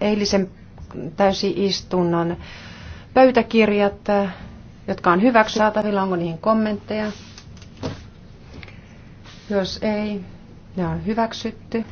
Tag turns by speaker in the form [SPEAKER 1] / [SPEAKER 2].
[SPEAKER 1] eilisen istunnon pöytäkirjat, jotka on hyväksy saatavilla. Onko niihin kommentteja? Jos ei, ne on hyväksytty.